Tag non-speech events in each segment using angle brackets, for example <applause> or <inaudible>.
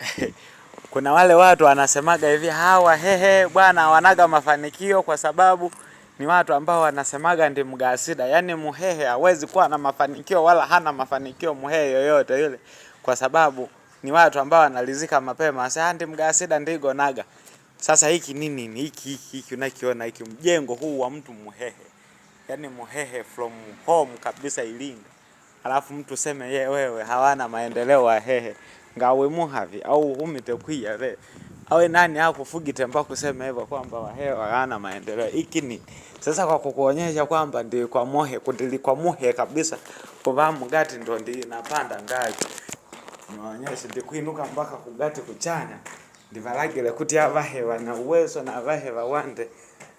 <laughs> kuna wale watu wanasemaga hivi hawa hehe bwana wanaga mafanikio kwa sababu ni watu ambao wanasemaga ndi mgasida, yaani muhehe hawezi kuwa na mafanikio wala hana mafanikio muhehe yoyote yule, kwa sababu ni watu ambao wanalizika mapema. Sasa ah, ndi mgasida ndigo naga. Sasa hiki nini ni hiki hiki hiki unakiona hiki mjengo huu wa mtu muhehe, yaani muhehe from home kabisa Ilinga, alafu mtu seme ye wewe hawana maendeleo wahehe ngawe muhavi au umite kwiyave awe nani akufugite mpaka kusema hivyo kwamba wahe wana maendeleo ikini sasa kwa kukuonyesha kwamba ndi kwa mohe kundili kwa muhe kabisa kuva mgati ndo ndi napanda ngazi naonyesha ndi kuinuka mpaka kugati kuchanya ndivalagile kuti avahewa na uwezo na avahewa wande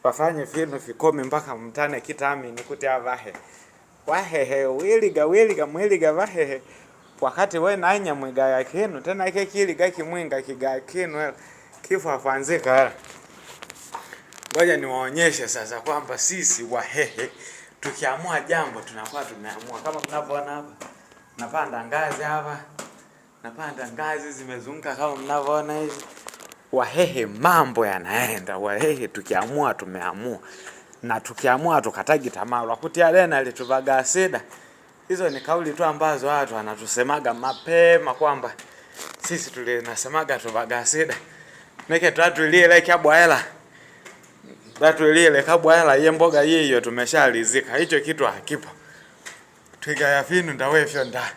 wafanye vinu vikome mpaka mtane kitamini kuti avahe wahehe wiliga wiliga mwiliga vahehe wakati we nanya mwigaya kinu tena ike kili gaki mwinga kigaya kinu kifo afanzika. Ngoja niwaonyeshe sasa kwamba sisi Wahehe tukiamua jambo tunakuwa tumeamua, kama mnavyoona hapa, napanda ngazi hapa, napanda ngazi zimezunguka kama mnavyoona hizi. Wahehe mambo yanaenda. Wahehe tukiamua tumeamua, na tukiamua tukatagi tamaa lwakutia lena lituvaga asida Hizo ni kauli tu ambazo watu wanatusemaga mapema kwamba sisi tulinasemaga tuvagasida neke twatwiliile kyabwaela twatwiliile kabwaela ye mboga yiyo tumeshalizika hicho kitu hakipo twiga ya finu ndawefyo nda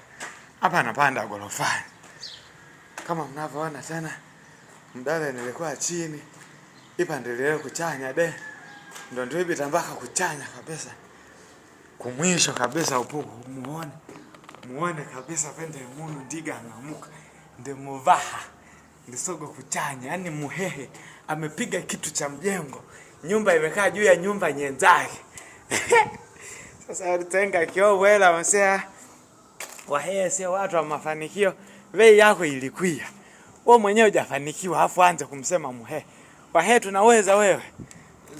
hapa napanda gorofani kama mnavyoona tena mdale nilikuwa chini ipa ndilile kuchanya de ndo ndio ibita mpaka kuchanya kabisa kumwisho kabisa upo muone muone kabisa pende munu ndiga angamuka muvaha ndisogo kuchanya yani muhehe amepiga kitu cha mjengo nyumba imekaa juu ya nyumba nyenzake <laughs> sasa alitenga kio wela wasea wahehe sio watu wa mafanikio vei yako ilikuia wewe mwenyewe hujafanikiwa afu anze kumsema muhehe wahehe tunaweza wewe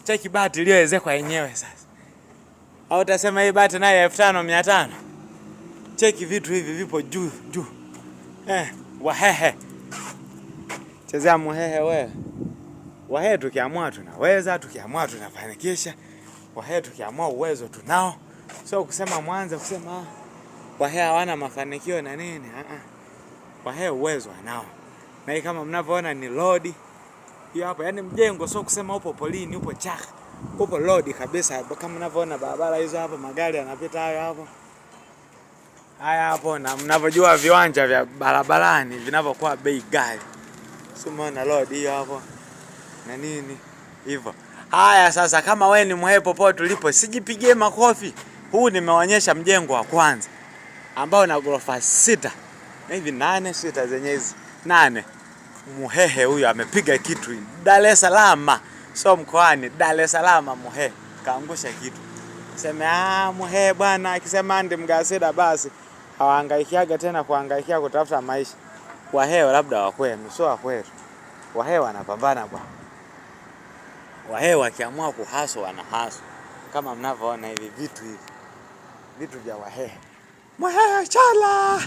cheki bati iliyoezekwa yenyewe sasa au utasema hii bati naye elfu tano mia tano. Cheki vitu hivi vipo juu juu eh, wahehe chezea muhehe wewe. Wahehe tukiamua tunaweza, tukiamua tunafanikisha. Wahehe tukiamua uwezo tunao, sio kusema mwanza kusema ah, wahehe hawana mafanikio na nini. Ah, ah. Wahehe uwezo anao na hii kama mnavyoona ni lodi hiyo hapa, yani mjengo, sio kusema upo polini, upo chaka Kupo road kabisa, kama mnavyoona barabara hizo hapo, magari yanapita hayo hapo haya hapo, na mnavyojua viwanja vya barabarani vinavyokuwa bei ghali, si umeona road hiyo hapo na nini hivyo. Haya sasa, kama wewe ni mhepo popote ulipo, sijipigie makofi. Huu nimeonyesha mjengo wa kwanza ambao na ghorofa sita na hivi nane, sita zenye hizi nane. Muhehe huyu amepiga kitu Dar es Salaam so mkoani Dar es Salaam muhe kaangusha kitu sema ah, muhe bwana akisema ndi mgasida basi hawahangaikiaga tena kuhangaikia kutafuta maisha. Wahewa labda wakwenu, sio wakwetu. Wahewa wanapambana bwana, wahewa wakiamua kuhaso wanahaso, kama mnavyoona hivi vitu hivi vitu vya wahehe mwahehe chala